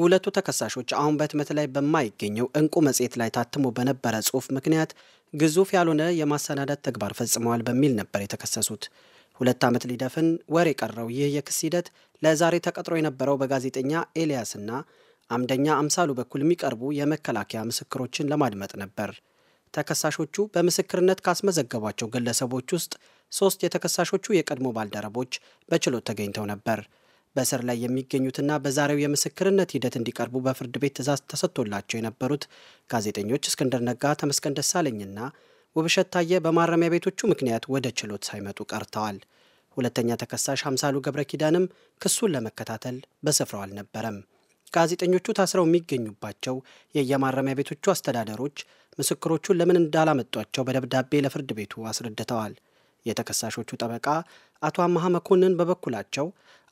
ሁለቱ ተከሳሾች አሁን በህትመት ላይ በማይገኘው እንቁ መጽሔት ላይ ታትሞ በነበረ ጽሑፍ ምክንያት ግዙፍ ያልሆነ የማሰናዳት ተግባር ፈጽመዋል በሚል ነበር የተከሰሱት። ሁለት ዓመት ሊደፍን ወር የቀረው ይህ የክስ ሂደት ለዛሬ ተቀጥሮ የነበረው በጋዜጠኛ ኤልያስና አምደኛ አምሳሉ በኩል የሚቀርቡ የመከላከያ ምስክሮችን ለማድመጥ ነበር። ተከሳሾቹ በምስክርነት ካስመዘገቧቸው ግለሰቦች ውስጥ ሶስት የተከሳሾቹ የቀድሞ ባልደረቦች በችሎት ተገኝተው ነበር። በእስር ላይ የሚገኙትና በዛሬው የምስክርነት ሂደት እንዲቀርቡ በፍርድ ቤት ትዕዛዝ ተሰጥቶላቸው የነበሩት ጋዜጠኞች እስክንድር ነጋ፣ ተመስገን ደሳለኝና ውብሸት ታየ በማረሚያ ቤቶቹ ምክንያት ወደ ችሎት ሳይመጡ ቀርተዋል። ሁለተኛ ተከሳሽ አምሳሉ ገብረ ኪዳንም ክሱን ለመከታተል በስፍራው አልነበረም። ጋዜጠኞቹ ታስረው የሚገኙባቸው የየማረሚያ ቤቶቹ አስተዳደሮች ምስክሮቹን ለምን እንዳላመጧቸው በደብዳቤ ለፍርድ ቤቱ አስረድተዋል። የተከሳሾቹ ጠበቃ አቶ አመሀ መኮንን በበኩላቸው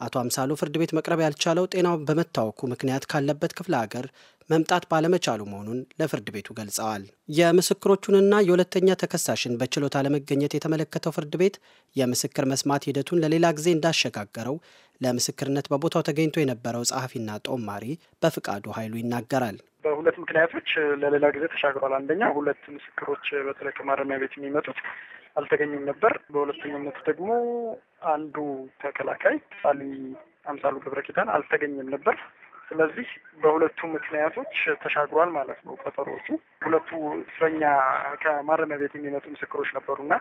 አቶ አምሳሉ ፍርድ ቤት መቅረብ ያልቻለው ጤናው በመታወኩ ምክንያት ካለበት ክፍለ ሀገር መምጣት ባለመቻሉ መሆኑን ለፍርድ ቤቱ ገልጸዋል። የምስክሮቹንና የሁለተኛ ተከሳሽን በችሎት አለመገኘት የተመለከተው ፍርድ ቤት የምስክር መስማት ሂደቱን ለሌላ ጊዜ እንዳሸጋገረው ለምስክርነት በቦታው ተገኝቶ የነበረው ጸሐፊና ጦማሪ በፍቃዱ ኃይሉ ይናገራል። በሁለት ምክንያቶች ለሌላ ጊዜ ተሻግሯል። አንደኛ ሁለት ምስክሮች በተለይ ከማረሚያ ቤት የሚመጡት አልተገኙም ነበር። በሁለተኛነት ደግሞ አንዱ ተከላካይ ሳሊ አምሳሉ ገብረ ኪዳን አልተገኘም ነበር። ስለዚህ በሁለቱ ምክንያቶች ተሻግሯል ማለት ነው ቀጠሮዎቹ። ሁለቱ እስረኛ ከማረሚያ ቤት የሚመጡ ምስክሮች ነበሩና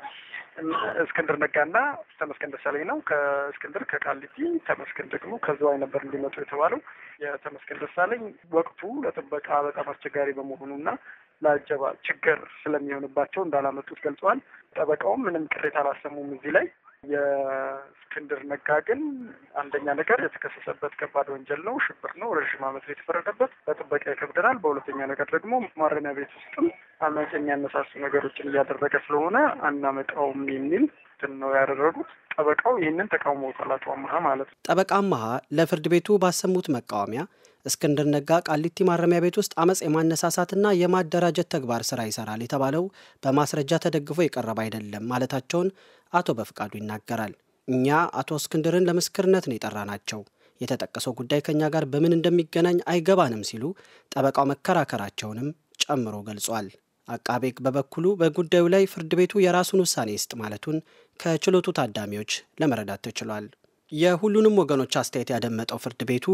እስክንድር ነጋና ተመስገን ደሳለኝ ነው። ከእስክንድር ከቃሊቲ ተመስገን ደግሞ ከዚዋ ነበር እንዲመጡ የተባለው። የተመስገን ደሳለኝ ወቅቱ ለጥበቃ በጣም አስቸጋሪ በመሆኑና ለአጀባ ችግር ስለሚሆንባቸው እንዳላመጡት ገልጸዋል። ጠበቃውም ምንም ቅሬታ አላሰሙም እዚህ ላይ የእስክንድር ነጋ ግን አንደኛ ነገር የተከሰሰበት ከባድ ወንጀል ነው፣ ሽብር ነው፣ ረዥም ዓመት የተፈረደበት በጥበቃ ይከብደናል። በሁለተኛ ነገር ደግሞ ማረሚያ ቤት ውስጥም አመፅ የሚያነሳሱ ነገሮችን እያደረገ ስለሆነ አናመጣውም የሚል እንትን ነው ያደረጉት። ጠበቃው ይህንን ተቃውሞታል፣ አቶ አመሀ ማለት ነው። ጠበቃ አመሀ ለፍርድ ቤቱ ባሰሙት መቃወሚያ እስክንድር ነጋ ቃሊቲ ማረሚያ ቤት ውስጥ አመፅ የማነሳሳትና የማደራጀት ተግባር ስራ ይሰራል የተባለው በማስረጃ ተደግፎ የቀረበ አይደለም ማለታቸውን አቶ በፍቃዱ ይናገራል። እኛ አቶ እስክንድርን ለምስክርነት ነው ናቸው። የተጠቀሰው ጉዳይ ከእኛ ጋር በምን እንደሚገናኝ አይገባንም ሲሉ ጠበቃው መከራከራቸውንም ጨምሮ ገልጿል። አቃቤ በበኩሉ በጉዳዩ ላይ ፍርድ ቤቱ የራሱን ውሳኔ ይስጥ ማለቱን ከችሎቱ ታዳሚዎች ለመረዳት ተችሏል። የሁሉንም ወገኖች አስተያየት ያደመጠው ፍርድ ቤቱ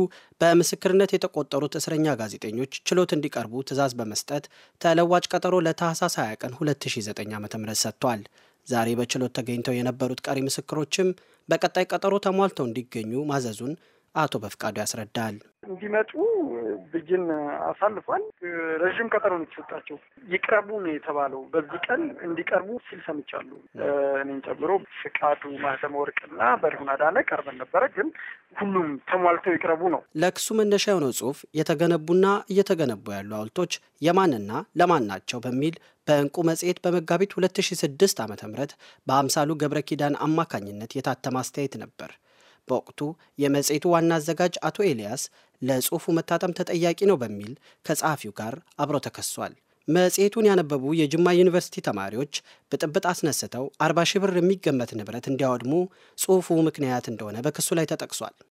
በምስክርነት የተቆጠሩት እስረኛ ጋዜጠኞች ችሎት እንዲቀርቡ ትዕዛዝ በመስጠት ተለዋጭ ቀጠሮ ለታህሳስ 20 ቀን 2009 ም ሰጥቷል። ዛሬ በችሎት ተገኝተው የነበሩት ቀሪ ምስክሮችም በቀጣይ ቀጠሮ ተሟልተው እንዲገኙ ማዘዙን አቶ በፍቃዱ ያስረዳል። እንዲመጡ ብይን አሳልፏል። ረዥም ቀጠሮ ነው የተሰጣቸው። ይቅረቡ ነው የተባለው። በዚህ ቀን እንዲቀርቡ ሲል ሰምቻሉ። እኔን ጨምሮ ፍቃዱ ማህተመ ወርቅና በሪሁን አዳነ ቀርበን ነበረ። ግን ሁሉም ተሟልተው ይቅረቡ ነው። ለክሱ መነሻ የሆነው ጽሁፍ የተገነቡና እየተገነቡ ያሉ ሀውልቶች የማንና ለማን ናቸው በሚል በእንቁ መጽሔት በመጋቢት 2006 ዓ ም በአምሳሉ ገብረ ኪዳን አማካኝነት የታተመ አስተያየት ነበር። በወቅቱ የመጽሔቱ ዋና አዘጋጅ አቶ ኤልያስ ለጽሑፉ መታተም ተጠያቂ ነው በሚል ከጸሐፊው ጋር አብሮ ተከሷል። መጽሔቱን ያነበቡ የጅማ ዩኒቨርሲቲ ተማሪዎች ብጥብጥ አስነስተው 40 ሺህ ብር የሚገመት ንብረት እንዲያወድሙ ጽሑፉ ምክንያት እንደሆነ በክሱ ላይ ተጠቅሷል።